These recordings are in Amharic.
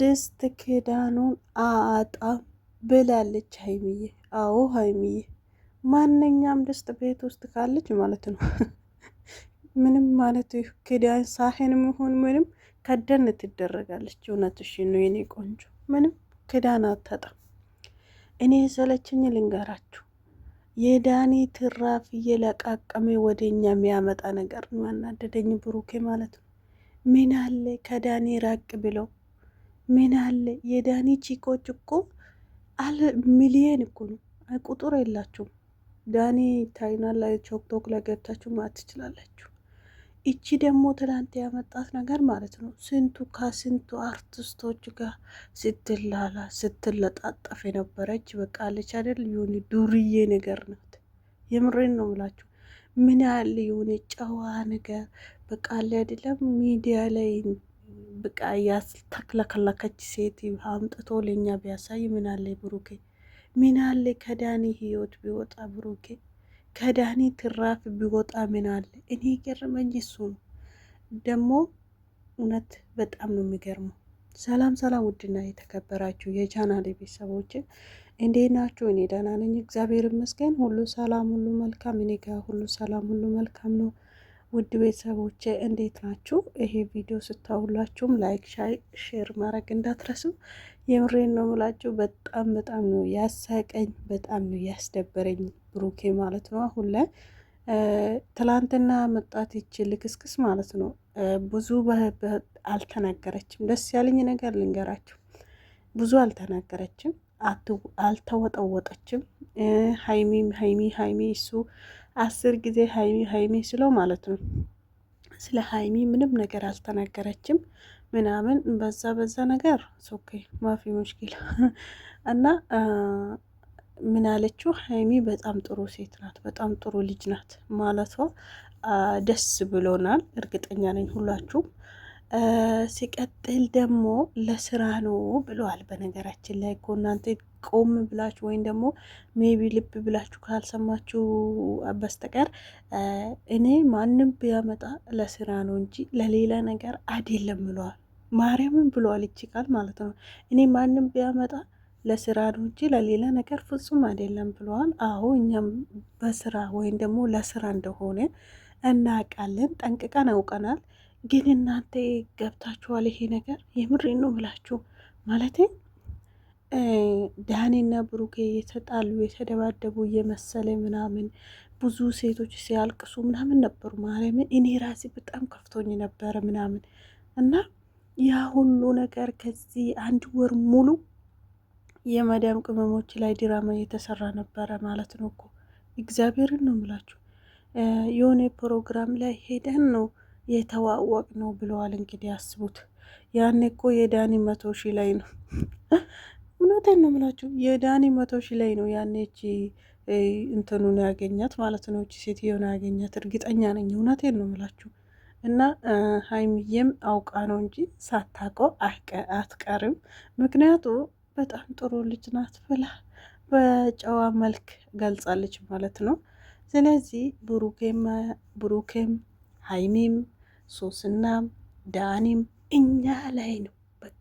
ድስት ክዳኑን አያጣም ብላለች ሀይሚዬ። አዎ ሀይሚዬ፣ ማንኛም ድስት ቤት ውስጥ ካለች ማለት ነው ምንም ማለት ክዳን ሳህን መሆን ምንም ከደን ትደረጋለች። እውነትሽን ነው የኔ ቆንጆ፣ ምንም ክዳን አታጣም። እኔ የሰለችኝ ልንገራችሁ፣ የዳኒ ትራፍ እየለቃቀመ ወደኛ የሚያመጣ ነገር ነው ያናደደኝ። ብሩኬ ማለት ነው ምን አለ ከዳኒ ራቅ ብለው ምን አለ የዳኒ ቺቆች እኮ አለ ሚሊየን እኮ ነው። ቁጥር የላችሁም። ዳኒ ታይና ላይ ቾክቶክ ላይ ገብታችሁ ማለት ትችላላችሁ። እቺ ደግሞ ትላንት ያመጣት ነገር ማለት ነው። ስንቱ ከስንቱ አርቲስቶች ጋር ስትላላ ስትለጣጠፍ የነበረች በቃ አለች አይደል? የሆነ ዱርዬ ነገር ናት። የምሬን ነው ምላችሁ። ምን ያህል የሆነ ጨዋ ነገር በቃ አለ አይደለም ሚዲያ ላይ በቃ ያስተክለከለከች ሴት አምጥቶ ለኛ ቢያሳይ ምናለ ብሩኬ፣ ምናለ ከዳኒ ህይወት ቢወጣ ብሩኬ፣ ከዳኒ ትራፍ ቢወጣ ምናለ። እኔ ገረመኝ እሱ ነው ደግሞ እውነት በጣም ነው የሚገርመው። ሰላም ሰላም፣ ውድና የተከበራችሁ የቻናል ቤተሰቦች እንዴት ናችሁ? እኔ ደህና ነኝ፣ እግዚአብሔር ይመስገን። ሁሉ ሰላም፣ ሁሉ መልካም። እኔ ጋር ሁሉ ሰላም፣ ሁሉ መልካም ነው። ውድ ቤተሰቦቼ እንዴት ናችሁ? ይሄ ቪዲዮ ስታውላችሁም ላይክ፣ ሻይ፣ ሼር ማድረግ እንዳትረሱ። የምሬን ነው ምላችሁ በጣም በጣም ነው ያሳቀኝ፣ በጣም ነው ያስደበረኝ ብሩኬ ማለት ነው። አሁን ላይ ትላንትና መጣት ይችል ልክስክስ ማለት ነው። ብዙ አልተናገረችም። ደስ ያለኝ ነገር ልንገራችሁ፣ ብዙ አልተናገረችም፣ አልተወጠወጠችም። ሀይሚ ሀይሚ ሀይሚ እሱ አስር ጊዜ ሀይሚ ሀይሚ ስለው ማለት ነው። ስለ ሀይሚ ምንም ነገር አልተናገረችም ምናምን በዛ በዛ ነገር ሶኬ ማፊ ሙሽኪል እና ምን አለችው ሀይሚ በጣም ጥሩ ሴት ናት፣ በጣም ጥሩ ልጅ ናት ማለቷ ደስ ብሎናል። እርግጠኛ ነኝ ሁላችሁም ሲቀጥል ደግሞ ለስራ ነው ብለዋል። በነገራችን ላይ እኮ እናንተ ቆም ብላችሁ ወይም ደግሞ ሜቢ ልብ ብላችሁ ካልሰማችሁ በስተቀር እኔ ማንም ቢያመጣ ለስራ ነው እንጂ ለሌላ ነገር አይደለም ብለዋል። ማርያምን ብለዋል። ይቺ ቃል ማለት ነው። እኔ ማንም ቢያመጣ ለስራ ነው እንጂ ለሌላ ነገር ፍጹም አይደለም ብለዋል። አዎ እኛም በስራ ወይም ደግሞ ለስራ እንደሆነ እናውቃለን፣ ጠንቅቀን አውቀናል። ግን እናንተ ገብታችኋል ይሄ ነገር? የምሬ ነው ብላችሁ ማለት ዳኒና ብሩኬ የተጣሉ የተደባደቡ የመሰለ ምናምን ብዙ ሴቶች ሲያልቅሱ ምናምን ነበሩ። ማርያምን እኔ ራሴ በጣም ከፍቶኝ ነበረ ምናምን እና ያ ሁሉ ነገር ከዚህ አንድ ወር ሙሉ የመዳም ቅመሞች ላይ ድራማ እየተሰራ ነበረ ማለት ነው እኮ እግዚአብሔርን ነው ምላችሁ የሆነ ፕሮግራም ላይ ሄደን ነው የተዋወቅ ነው ብለዋል። እንግዲህ አስቡት። ያኔ እኮ የዳኒ መቶ ሺ ላይ ነው። እውነቴን ነው የምላችሁ የዳኒ መቶ ሺ ላይ ነው ያኔ እቺ እንትኑን ያገኛት ማለት ነው። እቺ ሴትዮን ያገኛት እርግጠኛ ነኝ። እውነቴን ነው የምላችሁ እና ሀይሚዬም አውቃ ነው እንጂ ሳታውቀው አትቀርም። ምክንያቱ በጣም ጥሩ ልጅ ናት ብላ በጨዋ መልክ ገልጻለች ማለት ነው። ስለዚህ ብሩኬም ብሩኬም ሀይሚም ሶስናም ዳኒም እኛ ላይ ነው በቃ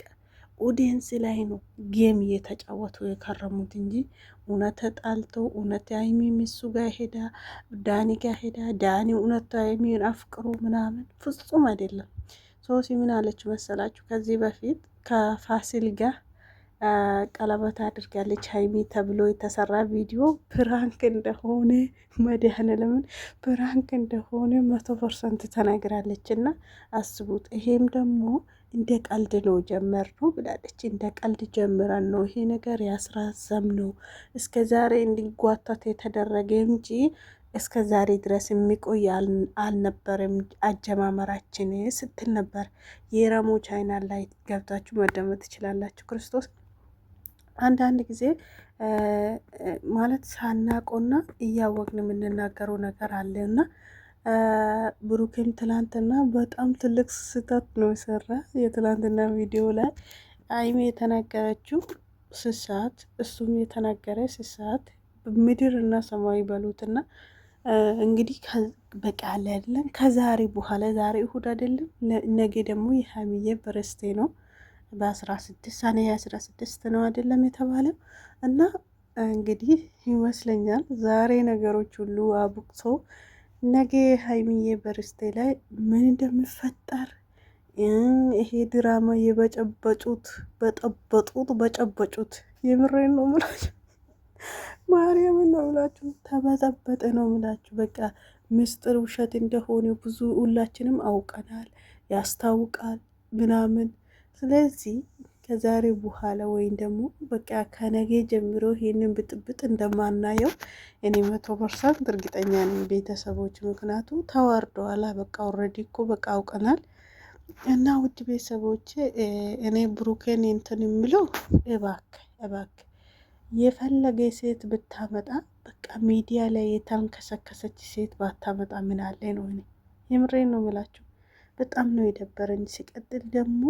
ኦዲየንስ ላይ ነው ጌም እየተጫወቱ የከረሙት እንጂ እውነት ተጣልቶ እውነት ሀይሚ ሚሱ ጋ ሄዳ ዳኒ ጋ ሄዳ ዳኒ እውነት ሀይሚን አፍቅሮ ምናምን ፍጹም አይደለም። ሶሲ ምን አለች መሰላችሁ? ከዚህ በፊት ከፋሲል ጋር ቀለበት አድርጋለች ሀይሚ ተብሎ የተሰራ ቪዲዮ ፕራንክ እንደሆነ ለምን ፕራንክ እንደሆነ መቶ ፐርሰንት ተናግራለች። እና አስቡት ይሄም ደግሞ እንደ ቀልድ ነው ጀመር ነው ብላለች። እንደ ቀልድ ጀምረን ነው ይሄ ነገር ያስራዘም ነው እስከ ዛሬ እንዲጓተት የተደረገ እንጂ እስከ ዛሬ ድረስ የሚቆይ አልነበረም አጀማመራችን ስትል ነበር። የረሞ ቻይና ላይ ገብታችሁ መደመጥ ትችላላችሁ ክርስቶስ አንዳንድ ጊዜ ማለት ሳናቆና እያወቅን የምንናገረው ነገር አለ እና ብሩኬም ትላንትና በጣም ትልቅ ስህተት ነው የሰራ። የትላንትና ቪዲዮ ላይ አይሜ የተናገረችው ስሳት፣ እሱም የተናገረ ስሳት፣ ምድር እና ሰማይ በሉትና እንግዲህ በቃ ከዛሬ በኋላ ዛሬ እሁድ አይደለም፣ ነገ ደግሞ የሀሚዬ በረስቴ ነው በ16 ሰኔ ስድስት ነው አይደለም የተባለው እና እንግዲህ ይመስለኛል ዛሬ ነገሮች ሁሉ አቡቅሶ ነገ ሀይሚዬ በርስቴ ላይ ምን እንደሚፈጠር ይሄ ድራማ የበጨበጩት በጠበጡት በጨበጩት የምሬን ነው ምላችሁ፣ ማርያምን ነው ምላችሁ፣ ተበጠበጠ ነው ምላችሁ። በቃ ምስጢር ውሸት እንደሆነ ብዙ ሁላችንም አውቀናል። ያስታውቃል ምናምን ስለዚህ ከዛሬ በኋላ ወይም ደግሞ በቃ ከነገ ጀምሮ ይህንን ብጥብጥ እንደማናየው እኔ መቶ ፐርሰንት እርግጠኛ ነኝ ቤተሰቦች። ምክንያቱ ተዋርደዋላ። በቃ ኦልሬዲ እኮ በቃ አውቀናል። እና ውድ ቤተሰቦች እኔ ብሩኬን እንትን የምለው እባክ እባክ የፈለገ ሴት ብታመጣ በቃ ሚዲያ ላይ የተንከሰከሰች ሴት ባታመጣ ምን አለ ነው። እኔ የምሬን ነው የምላችሁ። በጣም ነው የደበረኝ። ሲቀጥል ደግሞ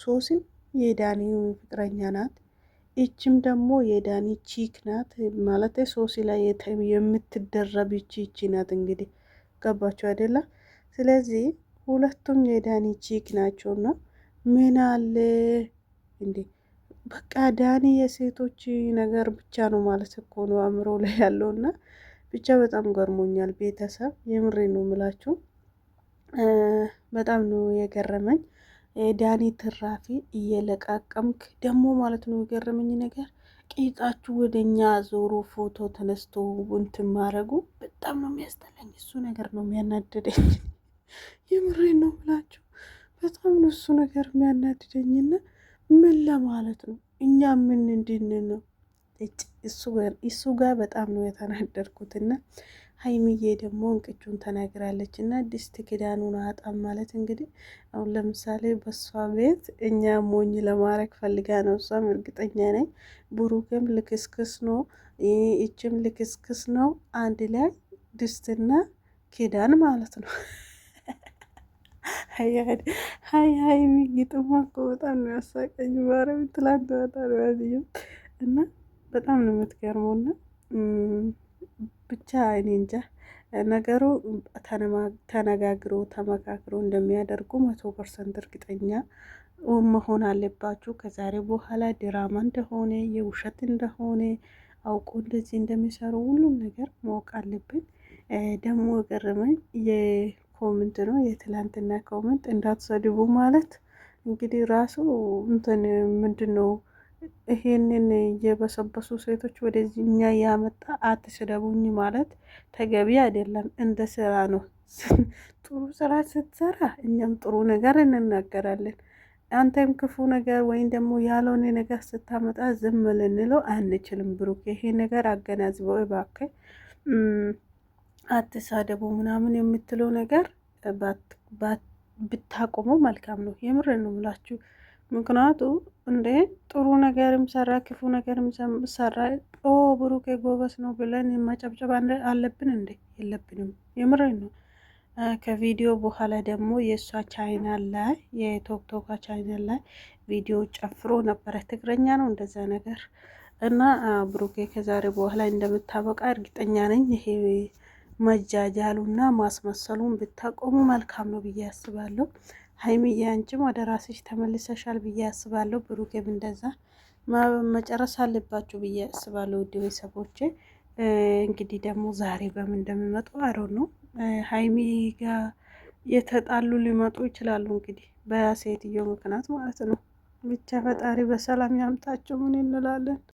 ሶሲም የዳኒ ፍቅረኛ ናት። ይችም ደግሞ የዳኒ ቺክ ናት ማለት ሶሲ ላይ የምትደረብ ይቺ ይቺ ናት። እንግዲህ ገባቸው አይደለ? ስለዚህ ሁለቱም የዳኒ ቺክ ናቸውና ምን አለ እንዴ በቃ ዳኒ የሴቶች ነገር ብቻ ነው ማለት እኮ ነው አእምሮ ላይ ያለውና ብቻ በጣም ገርሞኛል ቤተሰብ የምሬ ነው ምላችሁ በጣም ነው የገረመኝ። ዳኒ ትራፊ እየለቃቀምክ ደግሞ ማለት ነው። የገረመኝ ነገር ቂጣችሁ ወደኛ ዞሮ ፎቶ ተነስቶ እንትን ማድረጉ በጣም ነው የሚያስጠላኝ። እሱ ነገር ነው የሚያናድደኝ። የምሬ ነው ብላችሁ በጣም ነው እሱ ነገር የሚያናድደኝና ምን ለማለት ነው እኛ ምን እንድን ነው እሱ ጋር በጣም ነው የተናደርኩትና ሀይሚዬ ደግሞ እንቅጩን ተናግራለች እና ድስት ክዳኑን አጣም ማለት እንግዲህ አሁን ለምሳሌ በእሷ ቤት እኛ ሞኝ ለማድረግ ፈልጋ ነው። እሷም እርግጠኛ ነኝ ብሩክም ልክስክስ ነው፣ ይችም ልክስክስ ነው። አንድ ላይ ድስትና ክዳን ማለት ነው። ሀያድ ሀይ ሀይ የሚግጥማ እኮ በጣም ነው ያሳቀኝ። ማርያም ትላንት በጣም ያዝዩ እና በጣም ነው የምትገርመውና ብቻ እኔ እንጃ ነገሩ ተነጋግሮ ተመካክሮ እንደሚያደርጉ መቶ ፐርሰንት እርግጠኛ መሆን አለባችሁ። ከዛሬ በኋላ ድራማ እንደሆነ የውሸት እንደሆነ አውቆ እንደዚህ እንደሚሰሩ ሁሉም ነገር ማወቅ አለብን። ደግሞ ገረመኝ የኮመንት ነው የትላንትና ኮመንት እንዳትሰድቡ ማለት እንግዲህ ራሱ እንትን ምንድን ነው ይሄንን የበሰበሱ ሴቶች ወደዚህ እኛ ያመጣ አትስደቡኝ ማለት ተገቢ አይደለም። እንደ ስራ ነው። ጥሩ ስራ ስትሰራ እኛም ጥሩ ነገር እንናገራለን። አንተም ክፉ ነገር ወይም ደግሞ ያልሆነ ነገር ስታመጣ ዝም ልንለው አንችልም። ብሩክ ይሄ ነገር አገናዝበው እባክህ፣ አትሳደቡ ምናምን የምትለው ነገር ብታቆመው መልካም ነው። የምር ነው ምላችሁ ምክንያቱ እንዴ ጥሩ ነገርም ሰራ ክፉ ነገርም ሰራ፣ ኦ ብሩኬ ጎበስ ነው ብለን ማጨብጨብ አለብን እንዴ? የለብንም። የምረኝ ነው። ከቪዲዮ በኋላ ደግሞ የእሷ ቻይናል ላይ የቶክቶካ ቻይናል ላይ ቪዲዮ ጨፍሮ ነበረ። ትግረኛ ነው እንደዛ ነገር እና ብሩኬ ከዛሬ በኋላ እንደምታበቃ እርግጠኛ ነኝ። ይሄ መጃጃሉ መጃጃሉና ማስመሰሉን ብታቆሙ መልካም ነው ብዬ አስባለሁ። ሀይሚዬ አንቺም ወደ ራስሽ ተመልሰሻል ብዬ አስባለሁ። ብሩኬም እንደዛ መጨረስ አለባችሁ ብዬ አስባለሁ። ውድ ቤተሰቦቼ እንግዲህ ደግሞ ዛሬ በምን እንደሚመጡ አሮ ነው ሀይሚ ጋር የተጣሉ ሊመጡ ይችላሉ። እንግዲህ በሴትዮ ምክንያት ማለት ነው። ብቻ ፈጣሪ በሰላም ያምጣቸው። ምን እንላለን?